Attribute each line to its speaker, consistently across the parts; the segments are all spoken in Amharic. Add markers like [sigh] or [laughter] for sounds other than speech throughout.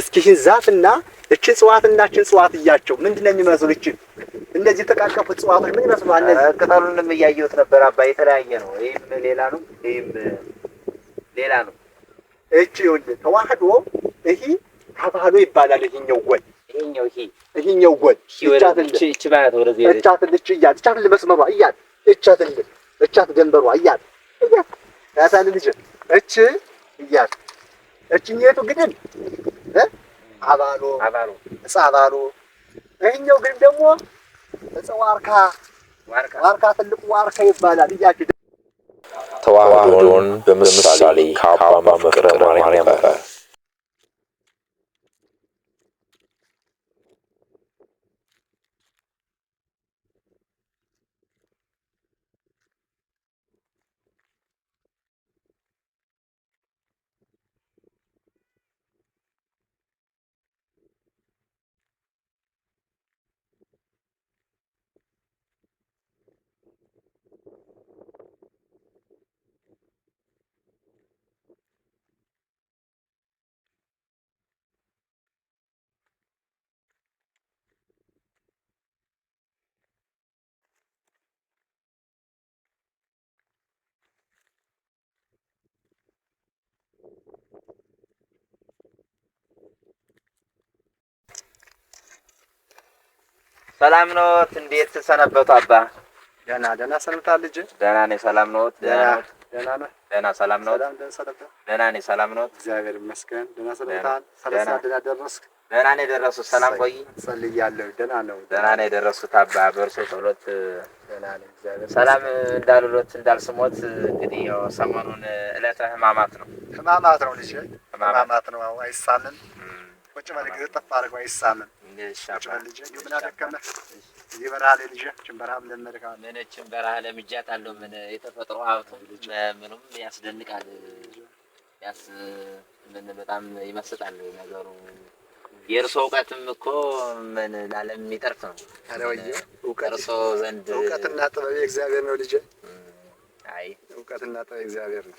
Speaker 1: እስኪሽን ዛፍና እቺ እጽዋት እና እቺ እጽዋት እያቸው ምንድነው የሚመስሉ? እቺ እንደዚህ የተቃቀፉ እጽዋቶች ምን ይመስሉ? ማለት
Speaker 2: ቅጠሉንም እያየሁት ነበር አባ፣ የተለያየ ነው። ይሄም ሌላ ነው፣ ይሄም ሌላ ነው።
Speaker 1: እቺ ይኸውልህ ተዋህዶ ይሄ ተባህዶ ይባላል። ይሄኛው ጎን ይሄኛው ይሄ ይሄኛው ጎን እቻትልህ
Speaker 2: እቺ ማለት ወደዚህ
Speaker 1: እቻትልህ እቺ እያት እቻትልህ መስመሯ እያት እቻትልህ እቻት ደንበሯ እያት እያት ያሳልህ ልጅ እቺ እያት እቺ የቱ ግድል አባሎ እጽ አባሎ። ይህኛው ግን ደግሞ እጽ ዋርካ ዋርካ ትልቁ ዋርካ ይባላል። እያችሁ
Speaker 3: ተዋህዶን በምሳሌ ከአባ መፍቅረ ማርያም
Speaker 2: ሰላም ኖት? እንዴት ሰነበቱ አባ?
Speaker 1: ደህና ደህና ሰንብታ ልጅ።
Speaker 2: ደህና ነኝ። ሰላም ኖት?
Speaker 1: ደህና ሰላም ኖት?
Speaker 2: ደህና ነኝ። ሰላም ኖት?
Speaker 1: እግዚአብሔር ይመስገን። ደህና ሰንብታ ሰላሳ ደህና ደረስክ?
Speaker 2: ደህና ነው የደረሱት። ሰላም ቆይ
Speaker 1: ጸልያለሁ። ደህና ነው
Speaker 2: ደህና ነው የደረሱት አባ። በእርሶ ጸሎት ሰላም እንዳልሎት እንዳልስሞት። እንግዲህ ያው ሰሞኑን ዕለተ ሕማማት ነው
Speaker 1: ሕማማት ነው ልጅ ሕማማት ነው አይሳልን ቁጭ በል ጊዜ ጠፋ አድርገው አይሳምም። ቁጭ በል ልጄ፣ እንዲሁ ምን አደከመህ እዚህ በረሃ ላይ ልጄ። ችን በረሃ ለመድካ
Speaker 2: ምን ችን በረሃ ለምጃታለሁ። ምን የተፈጥሮ ሀብቱ ምንም ያስደንቃል። ያስ ምን በጣም ይመስጣል ነገሩ። የእርሶ እውቀትም እኮ ምን ለዓለም የሚጠርፍ ነው። ኧረ ወይዬ እርሶ ዘንድ
Speaker 1: እውቀትና ጥበብ እግዚአብሔር ነው ልጄ። አይ እውቀትና ጥበብ እግዚአብሔር ነው።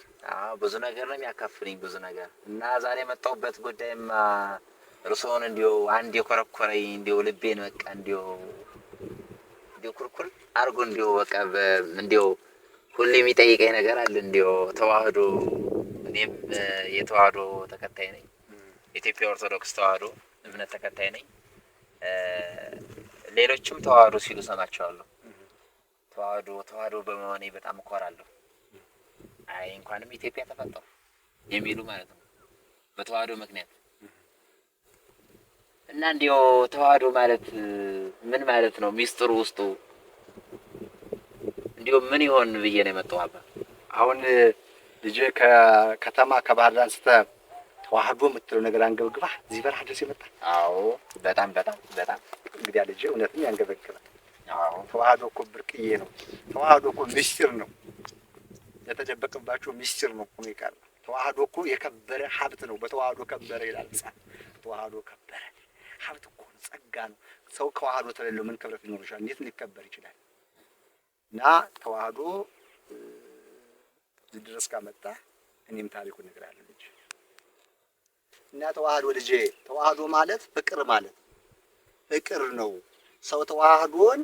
Speaker 2: ብዙ ነገር ነው የሚያካፍልኝ ብዙ ነገር እና ዛሬ የመጣሁበት ጉዳይማ እርስዎን እንዲሁ አንድ የኮረኮረኝ እንዲሁ ልቤን በቃ እንዲሁ እንዲሁ ኩርኩር አርጎ እንዲሁ በቃ እንዲሁ ሁሌ የሚጠይቀኝ ነገር አለ። እንዲሁ ተዋህዶ እኔም የተዋህዶ ተከታይ ነኝ። የኢትዮጵያ ኦርቶዶክስ ተዋህዶ እምነት ተከታይ ነኝ። ሌሎችም ተዋህዶ ሲሉ ሰማቸዋለሁ። ተዋህዶ ተዋህዶ በመሆኔ በጣም እኮራለሁ። አይ እንኳንም ኢትዮጵያ ተፈጠሩ የሚሉ ማለት ነው በተዋህዶ ምክንያት እና እንዲው ተዋህዶ ማለት ምን ማለት ነው? ሚስጥሩ ውስጡ እንዲሁ ምን ይሆን ብዬ ነው የመጣው። አባ
Speaker 1: አሁን ልጅ ከከተማ ከባህር ዳር አንስተህ ተዋህዶ የምትለው ነገር አንገብግባ እዚህ በረሃ ድረስ የመጣ
Speaker 2: አዎ፣ በጣም በጣም በጣም
Speaker 1: እንግዲህ ልጅ እውነትም ያንገበግባል። አዎ፣ ተዋህዶ እኮ ብርቅዬ ነው። ተዋህዶ እኮ ምስጢር ነው። የተደበቀባቸው ምስጢር ነው እኮ ነው። ተዋህዶ እኮ የከበረ ሀብት ነው። በተዋህዶ ከበረ ይላል ተዋህዶ ከበረ ሀብት እኮ ነው፣ ጸጋ ነው። ሰው ከዋህዶ ተለለው ምን ክብረት ሊኖር ይችላል? እንዴት ሊከበር ይችላል? እና ተዋህዶ ድረስ ካመጣ እኔም ታሪኩ እነግራለሁ ልጅ እና ተዋህዶ ልጄ፣ ተዋህዶ ማለት ፍቅር ማለት ፍቅር ነው። ሰው ተዋህዶን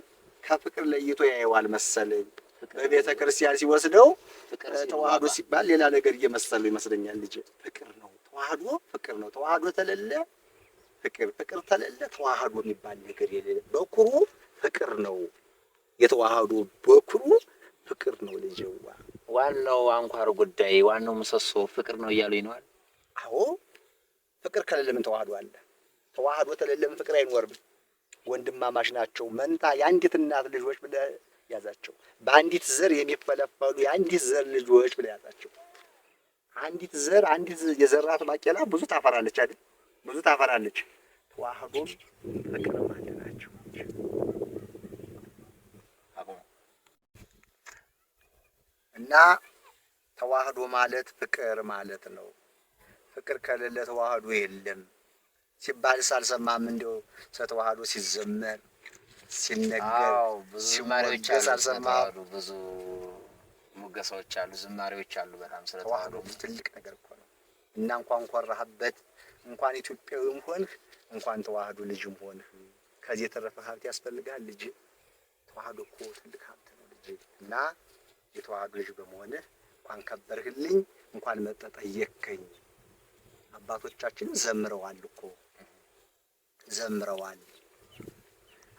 Speaker 1: ከፍቅር ለይቶ ያየዋል መሰለኝ። በቤተ ክርስቲያን ሲወስደው ተዋህዶ ሲባል ሌላ ነገር እየመሰለው ይመስለኛል። ልጅ ፍቅር ነው ተዋህዶ፣ ፍቅር ነው ተዋህዶ ተለለ ፍቅር ፍቅር ተለለ ተዋህዶ የሚባል ነገር የሌለ በኩሩ ፍቅር ነው። የተዋህዶ በኩሩ ፍቅር ነው። ልጅዋ
Speaker 2: ዋናው አንኳር ጉዳይ ዋናው ምሰሶ ፍቅር ነው እያሉ ይነዋል።
Speaker 1: አዎ ፍቅር ከሌለ ምን ተዋህዶ አለ? ተዋህዶ ተሌለ ፍቅር አይኖርም። ወንድማማች ናቸው። መንታ የአንዲት እናት ልጆች ብለ ያዛቸው። በአንዲት ዘር የሚፈለፈሉ የአንዲት ዘር ልጆች ብለ ያዛቸው። አንዲት ዘር አንዲት የዘራት ባቄላ ብዙ ታፈራለች አይደል? ብዙ ታፈራለች። ተዋህዶም ፍቅርም አንድ ናቸው። እና ተዋህዶ ማለት ፍቅር ማለት ነው። ፍቅር ከሌለ ተዋህዶ የለም ሲባል ሳልሰማም እንዲያው ስለተዋህዶ ሲዘመር ሲነገር
Speaker 2: ሲሞገስ አልሰማም። ብዙ ሙገሳዎች አሉ፣ ዝማሬዎች አሉ። በጣም ስለተዋህዶ
Speaker 1: ትልቅ ነገር እኮ ነው እና እንኳን ኮራህበት እንኳን ኢትዮጵያዊም ሆንህ እንኳን ተዋህዶ ልጅም ሆንህ ከዚህ የተረፈ ሀብት ያስፈልጋል ልጅ ተዋህዶ እኮ ትልቅ ሀብት ነው ልጅ እና የተዋህዶ ልጅ በመሆንህ እንኳን ከበርህልኝ እንኳን መጠጠየከኝ። አባቶቻችን ዘምረዋል እኮ ዘምረዋል።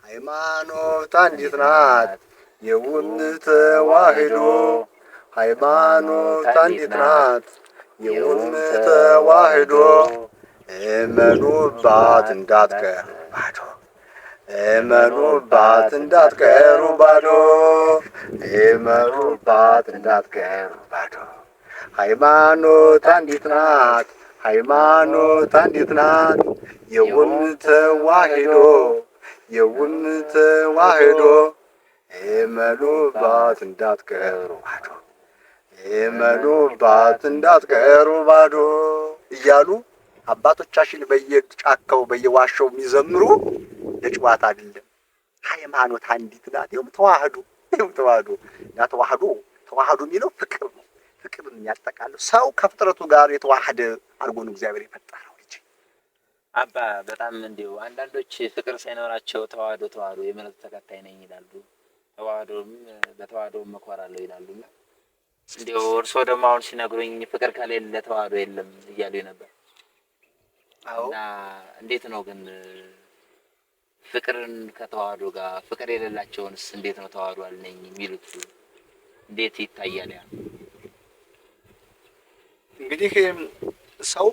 Speaker 1: ሃይማኖት አንዲት ናት የውን ተዋህዶ ሃይማኖት አንዲት ናት የውን ተዋህዶ እመኑባት እንዳትቀሩ ባዶ እመኑባት እንዳትቀሩ ባዶ እመኑባት እንዳትቀሩ ባዶ ሃይማኖት አንዲት ናት፣ ሃይማኖት አንዲት ናት። የውን ተዋህዶ የውን ተዋሂዶ እመኑባት እንዳትቀሩ ባዶ እመኑባት እንዳትቀሩ ባዶ እያሉ አባቶቻችን በየጫካው በየዋሻው የሚዘምሩ ለጨዋታ አይደለም። ሃይማኖት አንዲት ናት። ይኸውም ተዋህዶ ይኸውም ተዋህዶ ያ ተዋህዶ ተዋህዶ የሚለው ፍቅር ነው። ፍቅርን ያጠቃልለው ሰው ከፍጥረቱ ጋር የተዋህደ አድርጎ ነው እግዚአብሔር የፈጠረው።
Speaker 2: አባ በጣም እንዲሁ አንዳንዶች ፍቅር ሳይኖራቸው ተዋህዶ ተዋህዶ የመለክት ተከታይ ነኝ ይላሉ። ተዋህዶም በተዋህዶም መኮራለሁ ይላሉና እንዲሁ እርስዎ ደግሞ አሁን ሲነግሩኝ ፍቅር ከሌለ ተዋህዶ የለም እያሉ ነበር። እና እንዴት ነው ግን ፍቅርን ከተዋህዶ ጋር ፍቅር የሌላቸውንስ እንዴት ነው ተዋህዶ አልነኝ የሚሉት እንዴት ይታያል? ያ
Speaker 1: እንግዲህ ሰው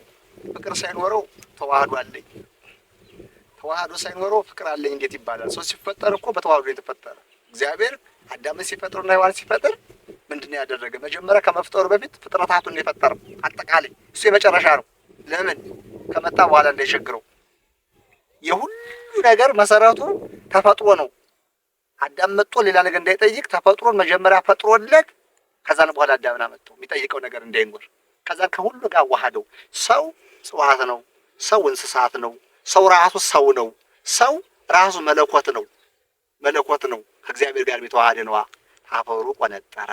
Speaker 1: ፍቅር ሳይኖረው ተዋህዶ አለኝ፣ ተዋህዶ ሳይኖረው ፍቅር አለኝ እንዴት ይባላል? ሰው ሲፈጠር እኮ በተዋህዶ የተፈጠረ እግዚአብሔር አዳምን ሲፈጥርና ሔዋን ሲፈጥር ምንድን ነው ያደረገ? መጀመሪያ ከመፍጠሩ በፊት ፍጥረታቱን የፈጠረው አጠቃላይ እሱ የመጨረሻ ነው። ለምን ከመጣ በኋላ እንዳይቸግረው። የሁሉ ነገር መሰረቱ ተፈጥሮ ነው። አዳም መጥቶ ሌላ ነገር እንዳይጠይቅ ተፈጥሮን መጀመሪያ ፈጥሮለት ከዛን በኋላ አዳምን መጥቶ የሚጠይቀው ነገር እንዳይኖር ከዛን ከሁሉ ጋር ዋሃደው። ሰው እጽዋት ነው። ሰው እንስሳት ነው። ሰው ራሱ ሰው ነው። ሰው ራሱ መለኮት ነው። መለኮት ነው ከእግዚአብሔር ጋር የተዋሃደ ነዋ። አፈሩ ቆነጠረ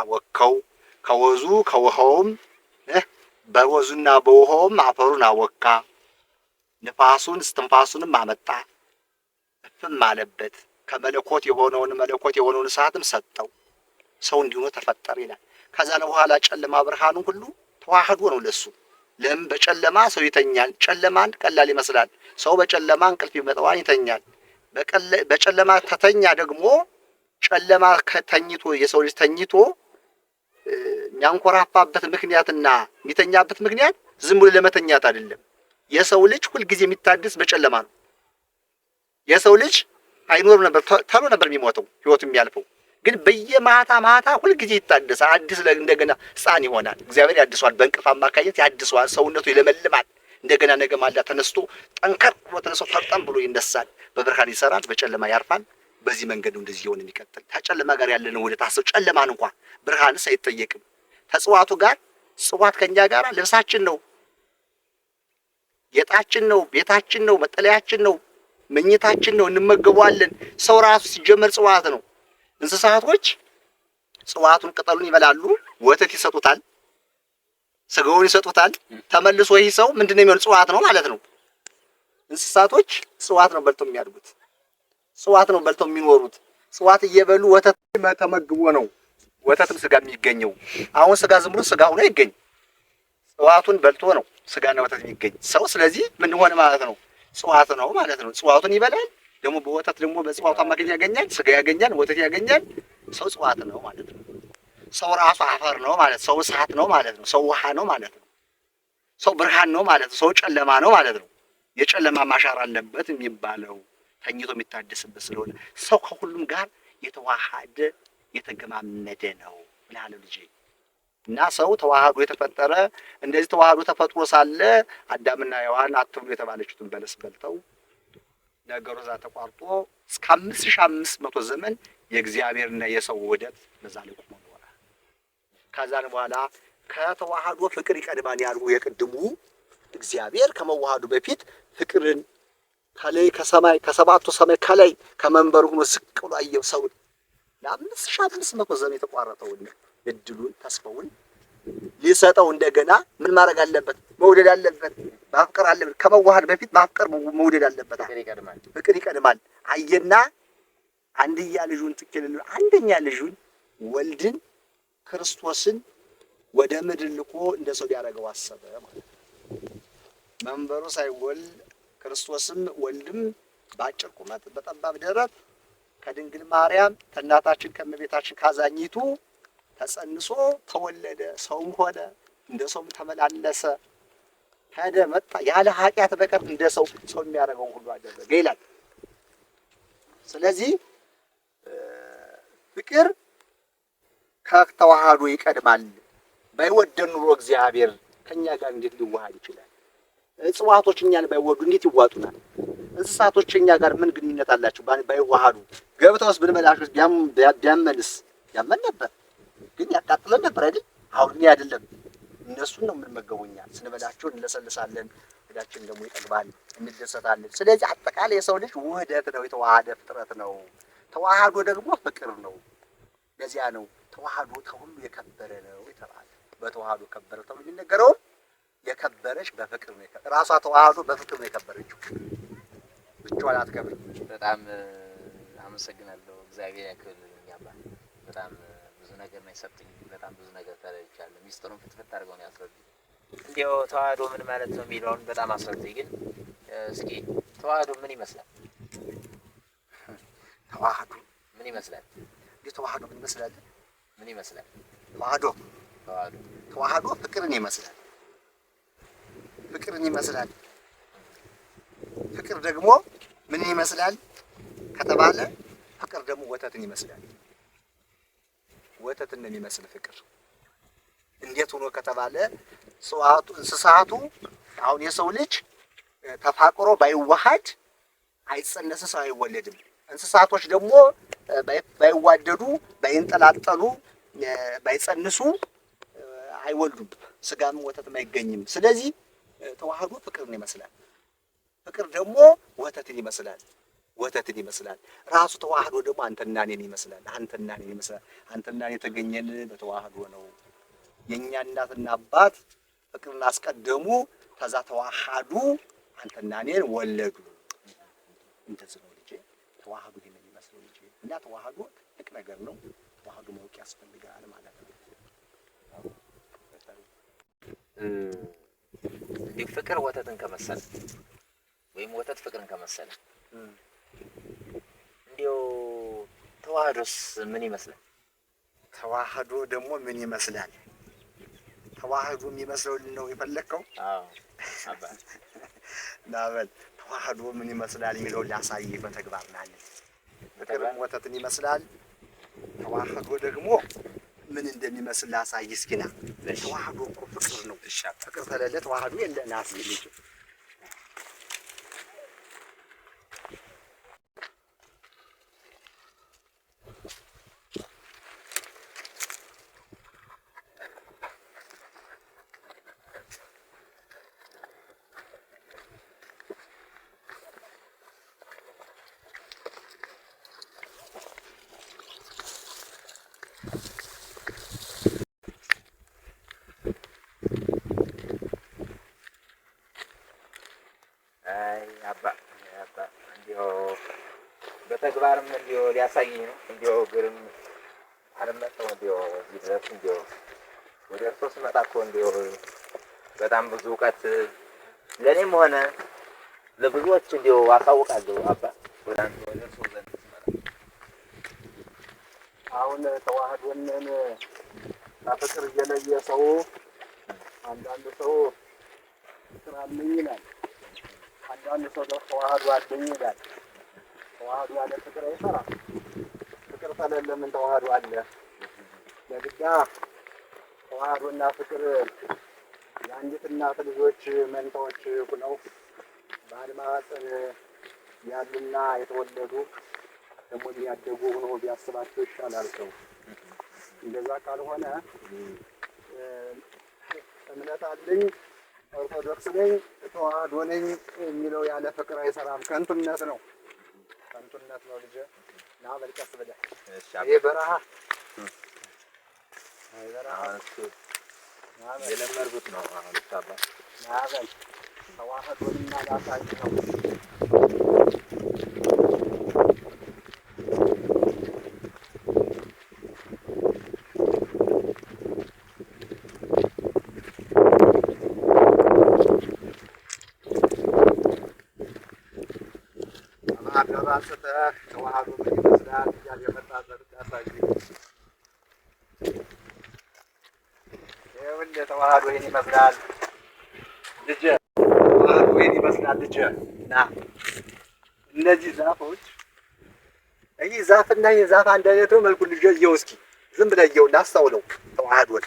Speaker 1: አወከው ከወዙ ከውሃውም በወዙና በውሃውም አፈሩን አወካ፣ ንፋሱን እስትንፋሱንም አመጣ፣ እፍም አለበት። ከመለኮት የሆነውን መለኮት የሆነውን እሳትም ሰጠው። ሰው እንዲሆኑ ተፈጠረ ይላል። ከዛ በኋላ ጨለማ ብርሃኑን ሁሉ ተዋህዶ ነው ለሱ። ለም በጨለማ ሰው ይተኛል? ጨለማን ቀላል ይመስላል። ሰው በጨለማ እንቅልፍ ይመጣዋል፣ ይተኛል። በጨለማ ተተኛ ደግሞ ጨለማ ከተኝቶ የሰው ልጅ ተኝቶ የሚያንኮራፋበት ምክንያትና የሚተኛበት ምክንያት ዝም ብሎ ለመተኛት አይደለም። የሰው ልጅ ሁልጊዜ የሚታደስ በጨለማ ነው። የሰው ልጅ አይኖርም ነበር፣ ተሎ ነበር የሚሞተው ህይወቱ የሚያልፈው። ግን በየማታ ማታ ሁልጊዜ ይታደሳል፣ አዲስ እንደገና ህፃን ይሆናል። እግዚአብሔር ያድሰዋል፣ በእንቅልፍ አማካኝነት ያድሰዋል፣ ሰውነቱ ይለመልማል። እንደገና ነገ ማላ ተነስቶ ጠንከር ብሎ ተነስቶ ፈርጠም ብሎ ይነሳል። በብርሃን ይሰራል፣ በጨለማ ያርፋል። በዚህ መንገድ ነው እንደዚህ የሆነ የሚቀጥል ከጨለማ ጋር ያለነው ወደ ታሰው ጨለማን እንኳን ብርሃንስ አይጠየቅም። ተጽዋቱ ጋር ጽዋት ከኛ ጋር ልብሳችን ነው፣ ጌጣችን ነው፣ ቤታችን ነው፣ መጠለያችን ነው፣ መኝታችን ነው። እንመገቧለን። ሰው ራሱ ሲጀመር ጽዋት ነው። እንስሳቶች ጽዋቱን ቅጠሉን ይበላሉ፣ ወተት ይሰጡታል፣ ስጋውን ይሰጡታል። ተመልሶ ይህ ሰው ምንድነው የሚሆን? ጽዋት ነው ማለት ነው። እንስሳቶች ጽዋት ነው በልተው የሚያድጉት። ጽዋት ነው በልተው የሚኖሩት። ጽዋት እየበሉ ወተት ተመግቦ ነው ወተትም ስጋ የሚገኘው። አሁን ስጋ ዝም ብሎ ስጋ ሆኖ ይገኝ ጽዋቱን በልቶ ነው ስጋና ወተት የሚገኝ ሰው። ስለዚህ ምን ሆነ ማለት ነው? ጽዋት ነው ማለት ነው። ጽዋቱን ይበላል ደግሞ በወተት ደግሞ በጽዋቱ አማካኝነት ያገኛል፣ ስጋ ያገኛል፣ ወተት ያገኛል። ሰው ጽዋት ነው ማለት ነው። ሰው ራሱ አፈር ነው ማለት ሰው እሳት ነው ማለት ነው። ሰው ውሃ ነው ማለት ነው። ሰው ብርሃን ነው ማለት ነው። ሰው ጨለማ ነው ማለት ነው። የጨለማ ማሻር አለበት የሚባለው ተኝቶ የሚታደስበት ስለሆነ ሰው ከሁሉም ጋር የተዋሃደ የተገማመደ ነው ብላለ ልጄ እና ሰው ተዋህዶ የተፈጠረ እንደዚህ ተዋህዶ ተፈጥሮ ሳለ አዳምና ሔዋን አትብሉ የተባለችትን በለስ በልተው ነገሩ እዛ ተቋርጦ እስከ አምስት ሺህ አምስት መቶ ዘመን የእግዚአብሔርና የሰው ውህደት በዛ ላይ ቆሞ ኖረ። ከዛን በኋላ ከተዋህዶ ፍቅር ይቀድማን ያሉ የቅድሙ እግዚአብሔር ከመዋሃዱ በፊት ፍቅርን ከላይ ከሰማይ ከሰባቱ ሰማይ ከላይ ከመንበሩ ሆኖ ዝቅ ብሎ አየው ሰው ለአምስት ሺህ አምስት መቶ ዘመን የተቋረጠውን እድሉን ተስፈውን ሊሰጠው እንደገና ምን ማድረግ አለበት? መውደድ አለበት፣ ማፍቀር አለበት። ከመዋሃድ በፊት ማፍቀር መውደድ አለበት። ፍቅር ይቀድማል። አየና አንድያ ልጁን ትክክል አንደኛ ልጁን ወልድን ክርስቶስን ወደ ምድር ልኮ እንደ ሰው ሊያደርገው አሰበ ማለት ነው። መንበሩ ሳይወልድ ክርስቶስም ወንድም በአጭር ቁመት በጠባብ ደረት ከድንግል ማርያም ከእናታችን ከእመቤታችን ካዛኝቱ ተጸንሶ ተወለደ። ሰውም ሆነ እንደ ሰውም ተመላለሰ ሄደ መጣ። ያለ ኃጢአት በቀር እንደ ሰው ሰው የሚያደርገው ሁሉ አደረገ ይላል። ስለዚህ ፍቅር ከተዋህዶ ይቀድማል። ባይወደን ኑሮ እግዚአብሔር ከእኛ ጋር እንዴት ሊዋሃድ ይችላል? እጽዋቶች እኛን ባይወዱ እንዴት ይዋጡናል? እንስሳቶች እኛ ጋር ምን ግንኙነት አላቸው? ባይዋሃዱ ገብተውስ ብንበላሽ ቢያመንስ ያመን ነበር፣ ግን ያቃጥለን ነበር አይደል? አሁን እኛ አይደለም እነሱን ነው የምንመገቡ። እኛ ስንበላቸው እንለሰልሳለን፣ እዳችን ደግሞ ይጠግባል፣ እንደሰታለን። ስለዚህ አጠቃላይ የሰው ልጅ ውህደት ነው፣ የተዋሃደ ፍጥረት ነው። ተዋሃዶ ደግሞ ፍቅር ነው። ለዚያ ነው ተዋሃዶ ከሁሉ የከበረ ነው የተባለ። በተዋሃዶ ከበረ ተብሎ የሚነገረውም የከበረች በፍቅር ነው የከበረች ራሷ ተዋህዶ በፍቅር ነው የከበረችው። ብቻዋን አትከብርም።
Speaker 2: በጣም አመሰግናለሁ። እግዚአብሔር ያክል ያባ በጣም ብዙ ነገር ነው የሰጠኝ። በጣም ብዙ ነገር ተረድቻለሁ። ሚስጥሩን ፍትፍት አድርገው ነው ያስረዱኝ። እንዲያው ተዋህዶ ምን ማለት ነው የሚለውን በጣም አስረዱኝ። ግን እስኪ ተዋህዶ ምን ይመስላል? ተዋህዶ ምን ይመስላል?
Speaker 1: እንዲህ ተዋህዶ ምን ይመስላል? ምን ይመስላል? ተዋህዶ ተዋህዶ ተዋህዶ ፍቅርን ይመስላል ፍቅርን ይመስላል። ፍቅር ደግሞ ምን ይመስላል ከተባለ ፍቅር ደግሞ ወተትን ይመስላል። ወተትን ነው የሚመስል ፍቅር እንዴት ሆኖ ከተባለ ሰዋቱ እንስሳቱ አሁን የሰው ልጅ ተፋቅሮ ባይዋሃድ አይጸነስ ሰው አይወለድም። እንስሳቶች ደግሞ ባይዋደዱ፣ ባይንጠላጠሉ፣ ባይጸንሱ አይወልዱም። ስጋም ወተትም አይገኝም። ስለዚህ ተዋህዶ ፍቅርን ይመስላል። ፍቅር ደግሞ ወተትን ይመስላል። ወተትን ይመስላል። ራሱ ተዋህዶ ደግሞ አንተና እኔን ይመስላል። አንተና እኔን ይመስላል። አንተና እኔ የተገኘን በተዋህዶ ነው። የእኛ እናትና አባት ፍቅርን አስቀደሙ። ከዛ ተዋሃዱ፣ አንተና እኔን ወለዱ። እንደዚህ ነው ልጄ። ተዋህዶ ይሄንን ይመስለው ልጄ። እና ተዋህዶ ትልቅ ነገር ነው። ተዋህዶ ማወቅ ያስፈልጋል ማለት ነው።
Speaker 2: ፍቅር ወተትን ከመሰለ ወይም ወተት ፍቅርን ከመሰለ እንዲው ተዋህዶስ ምን ይመስላል?
Speaker 1: ተዋህዶ ደግሞ ምን ይመስላል? ተዋህዶ የሚመስለው ነው የፈለግከው? ናበል [laughs] ተዋህዶ ምን ይመስላል የሚለው ላሳይ በተግባር ናለ። ፍቅርም ወተትን ይመስላል። ተዋህዶ ደግሞ ምን እንደሚመስል ላሳይ እስኪና። ተዋህዶ እኮ ፍቅር ነው። ፍቅር ተለለ ተዋህዶ የለና እስኪ
Speaker 2: እንዲያው በተግባርም እንዲያው ሊያሳየኝ ነው። እንዲያው እግርም አልመጣው እንዲያው እዚህ ድረስ እንዲያው ወደ እርሶ ስመጣ እኮ እንዲያው በጣም ብዙ እውቀት ለእኔም ሆነ ለብዙዎች እንዲያው አሳውቃለሁ። አባ በጣም ወደ እርሶ ዘንድ ስመጣ
Speaker 1: አሁን ተዋህዶንን በፍቅር እየለየ ሰው አንዳንድ ሰው ስራልኝ ይላል አንዳንድ ሰው ተዋህዶ አለኝ ይላል። ተዋህዶ ያለ ፍቅር አይሰራም። ፍቅር ከሌለ ምን ተዋህዶ አለ? ለግዳ ተዋህዶና ፍቅር የአንዲት እናት ልጆች መንታዎች ሁነው በአንድ ያሉና የተወለዱ ደግሞ የሚያደጉ ሆኖ ቢያስባቸው ይሻላል ሰው። እንደዛ ካልሆነ እምነት አለኝ ኦርቶዶክስ ነኝ ተዋህዶ ነኝ የሚለው ያለ ፍቅር አይሰራም። ከንቱነት ነው፣ ከንቱነት ነው። ልጅ ና መልቀስ ብለህ ይሄ በረሃ
Speaker 2: የለመድኩት ነው። አሁን
Speaker 1: ናበል ተዋህዶ ላሳይ ነው አንስተህ ተዋህዶ ምን ይመስላል እያል የመጣ ዘርቅ ያሳዩ
Speaker 2: ይሁን የተዋህዶ ይህን ይመስላል ልጄ፣ ተዋህዶ ይህን ይመስላል ልጄ።
Speaker 1: ና እነዚህ ዛፎች ይህ ዛፍና ይህ ዛፍ አንድ አይነት ነው መልኩ ልጄ። እየው እስኪ ዝም ብለህ እየው ላስታውለው ተዋህዶን።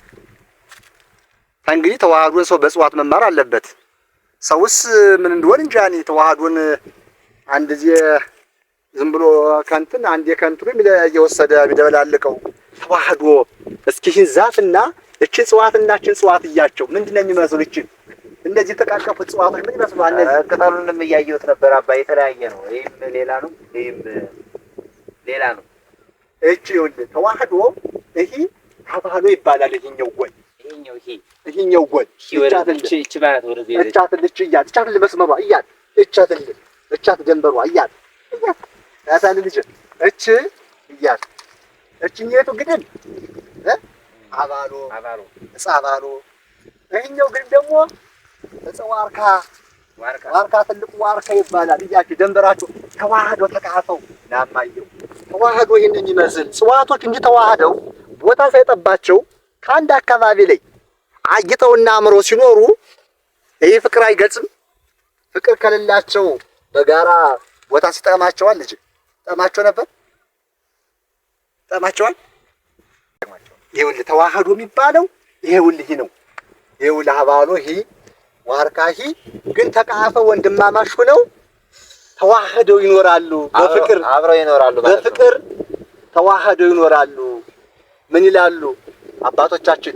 Speaker 1: ከእንግዲህ ተዋህዶን ሰው በእጽዋት መማር አለበት። ሰውስ ምን እንደሆን እንጃ እኔ ተዋህዶን አንድ ጊዜ ዝም ብሎ ከንትን አንድ የከንቱ እየወሰደ ቢደበላልቀው ተዋህዶ እስኪ እስኪሽን ዛፍና እቺ እጽዋትና እቺ እጽዋት እያቸው ምንድን ነው የሚመስሉ? እቺ እንደዚህ የተቃቀፉት እጽዋቶች ምን ይመስሉ? እነዚህ
Speaker 2: ቅጠሉንም እያየሁት ነበር አባ፣ የተለያየ ነው። ይህም ሌላ ነው፣ ይህም ሌላ ነው።
Speaker 1: እቺ ይኸውልህ ተዋህዶ ይሄ ተባህሎ ይባላል። ይሄኛው ጎን ይሄኛው ይሄ ይሄኛው ጎን እቻትልች
Speaker 2: እቺ ማለት ወደዚህ
Speaker 1: እቻትልች እያት እቻትል መስመሯ እያት እቻትል እቻት ደንበሯ እያት እያት ራሳን ልጅ እች እያል እችኛይቱ ግድል አባሎ አባሎ ይህኛው ደግሞ እጽ ዋርካ ዋርካ ትልቁ ዋርካ ይባላል። እያችሁ ተዋህዶ ተካፈው ናማየው ተዋህዶ ይህን የሚመስል እጽዋቶች እንጂ ተዋህደው ቦታ ሳይጠባቸው ከአንድ አካባቢ ላይ አጊጠውና አምረው ሲኖሩ ይህ ፍቅር አይገልጽም። ፍቅር ከሌላቸው በጋራ ቦታ ሲጠቅማቸዋል ልጅ ጠማቸው ነበር ጠማቸዋል። ይኸውልህ ተዋህዶ የሚባለው ይኸውልህ ነው። ይኸውልህ አባሎ ሂ ዋርካሂ ግን ተቃፈ ወንድማማሽ ሆነው ተዋህደው ይኖራሉ።
Speaker 2: በፍቅር አብረው ይኖራሉ።
Speaker 1: በፍቅር ተዋህደው ይኖራሉ። ምን ይላሉ አባቶቻችን?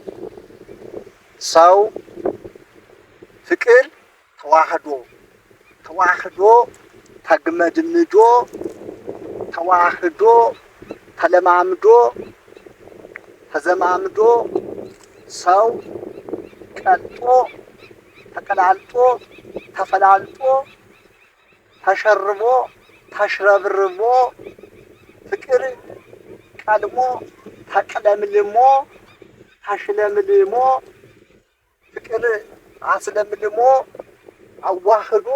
Speaker 1: ሰው ፍቅር ተዋህዶ ተዋህዶ ተግመድምዶ ተዋህዶ ተለማምዶ ተዘማምዶ ሰው ቀልጦ ተቀላልጦ ተፈላልጦ ተሸርቦ ተሽረብርቦ ፍቅር ቀልሞ ተቅለምልሞ ተሽለምልሞ ፍቅር አስለምልሞ አዋህዶ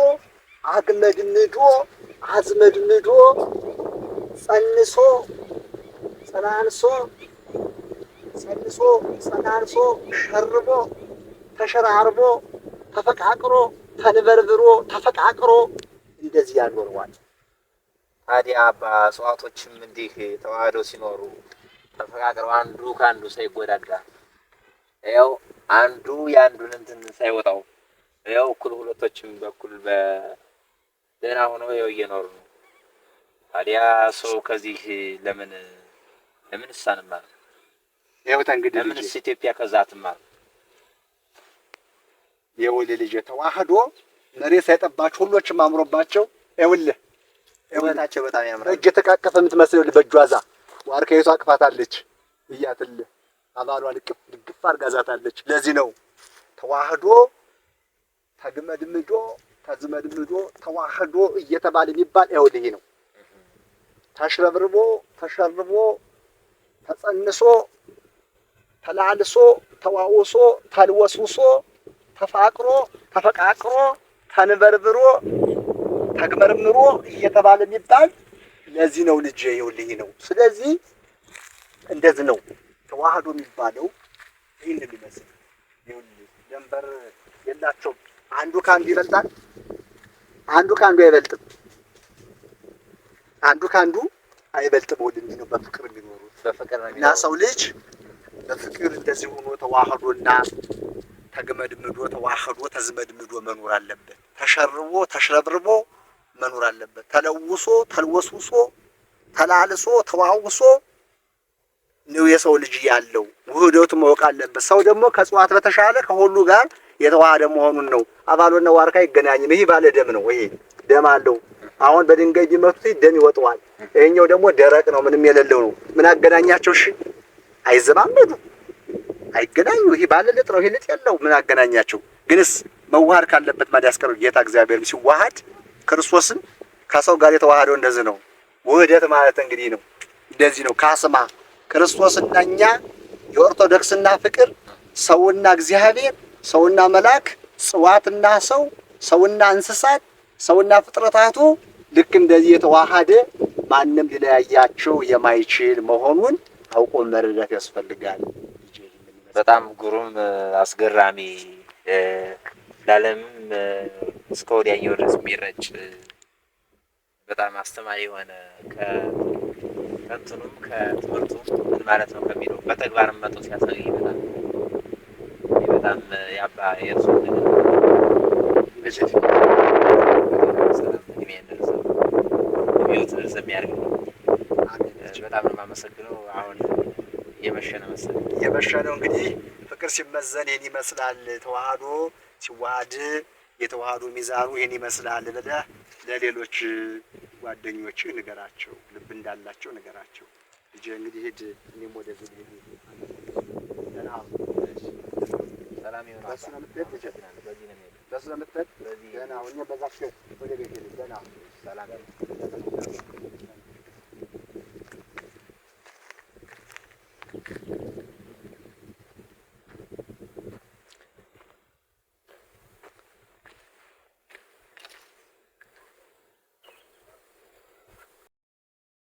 Speaker 1: አግመድምዶ አዝመድምዶ ጸንሶ ጸናንሶ ጸንሶ ጸናንሶ ሸርቦ ተሸራርቦ ተፈቃቅሮ ተንበርብሮ ተፈቃቅሮ እንደዚህ ያኖረዋል።
Speaker 2: ታዲያ በእጽዋቶችም እንዲህ ተዋህደው ሲኖሩ ተፈቃቅረው አንዱ ከአንዱ ሳይጎዳዳ ያው አንዱ የአንዱን እንትን ሳይወጣው ያው እኩል ሁለቶችም በኩል በደህና ሆነው ያው እየኖሩ ነው። ታዲያ ሰው ከዚህ ለምን ለምን ሳንማር
Speaker 1: ይኸው እንግዲህ ለምን
Speaker 2: ኢትዮጵያ ከዛ ትማር?
Speaker 1: የውል ልጅ ተዋህዶ መሬት ሳይጠባችሁ ሁሎችም አምሮባቸው ይኸውልህ
Speaker 2: ውበታቸው በጣም ያምራል።
Speaker 1: እጅ የተቃቀፈ የምትመስለው በእጇ እዛ ዋርካይቱ አቅፋታለች እያትል አባሏ ልቅፍ ልግፍ አርጋዛታለች። ለዚህ ነው ተዋህዶ ተግመድምዶ ተዝመድምዶ ተዋህዶ እየተባለ የሚባል ይኸውልህ ነው ተሽረብርቦ ተሸርቦ ተጸንሶ ተላልሶ ተዋውሶ ተልወስውሶ ተፋቅሮ ተፈቃቅሮ ተንበርብሮ ተግመርምሮ እየተባለ የሚባል ለዚህ ነው ልጅ ይውልኝ ነው። ስለዚህ እንደዚህ ነው ተዋህዶ የሚባለው ይህን የሚመስል ደንበር የላቸውም። አንዱ ከአንዱ ይበልጣል፣ አንዱ ከአንዱ አይበልጥም። አንዱ ከአንዱ አይበልጥ ወደ ነው በፍቅር የሚኖሩት እና ሰው ልጅ በፍቅር እንደዚህ ሆኖ ተዋህዶና ተግመድምዶ ተዋህዶ ተዝመድምዶ መኖር አለበት። ተሸርቦ ተሽረብርቦ መኖር አለበት። ተለውሶ ተልወስውሶ ተላልሶ ተዋውሶ ነው የሰው ልጅ ያለው። ውህደቱ ማወቅ አለበት። ሰው ደግሞ ከእጽዋት በተሻለ ከሁሉ ጋር የተዋሃደ መሆኑን ነው። አባሎና ዋርካ አይገናኝም። ይህ ባለ ደም ነው። ይሄ ደም አለው። አሁን በድንጋይ ቢመቱት ደም ይወጣዋል። ይሄኛው ደግሞ ደረቅ ነው፣ ምንም የሌለው ነው። ምን አገናኛቸው? እሺ አይዘማመዱ፣ አይገናኙ። ይሄ ባለ ነው፣ ይሄ ልጥ የለው። ምን አገናኛቸው? ግንስ መዋሃድ ካለበት ማዳስቀር ጌታ እግዚአብሔር ሲዋሃድ ክርስቶስን ከሰው ጋር የተዋሃደው እንደዚህ ነው። ውህደት ማለት እንግዲህ ነው፣ እንደዚህ ነው። ካስማ ክርስቶስና እኛ የኦርቶዶክስና ፍቅር ሰውና እግዚአብሔር ሰውና መልአክ ጽዋትና ሰው ሰውና እንስሳት ሰውና ፍጥረታቱ ልክ እንደዚህ የተዋሃደ ማንም ሊለያያቸው የማይችል መሆኑን አውቆ መረዳት ያስፈልጋል።
Speaker 2: በጣም ግሩም አስገራሚ፣ ለዓለምም እስከ ወዲያኛው ድረስ የሚረጭ በጣም አስተማሪ የሆነ ከእንትኑም ከትምህርቱ ምን ማለት ነው ከሚለው በተግባር መጥቶ ሲያሳይ በጣም በጣም የአባ የእርሱ ነገር የሚያደርሰው ህይወት ደርሰ የሚያደርግ ነው። በጣም ነው የማመሰግነው። አሁን የመሸነ መሰል
Speaker 1: የመሸነው እንግዲህ ፍቅር ሲመዘን ይህን ይመስላል። ተዋህዶ ሲዋሃድ የተዋህዶ ሚዛኑ ይህን ይመስላል ብለህ ለሌሎች ጓደኞች ንገራቸው፣ ልብ እንዳላቸው ንገራቸው። ልጄ እንግዲህ ሂድ፣ እኔም ወደ ዝግ ሰላም ስለምትጠቅ
Speaker 2: ገና ወደ ቤት ገና ሰላም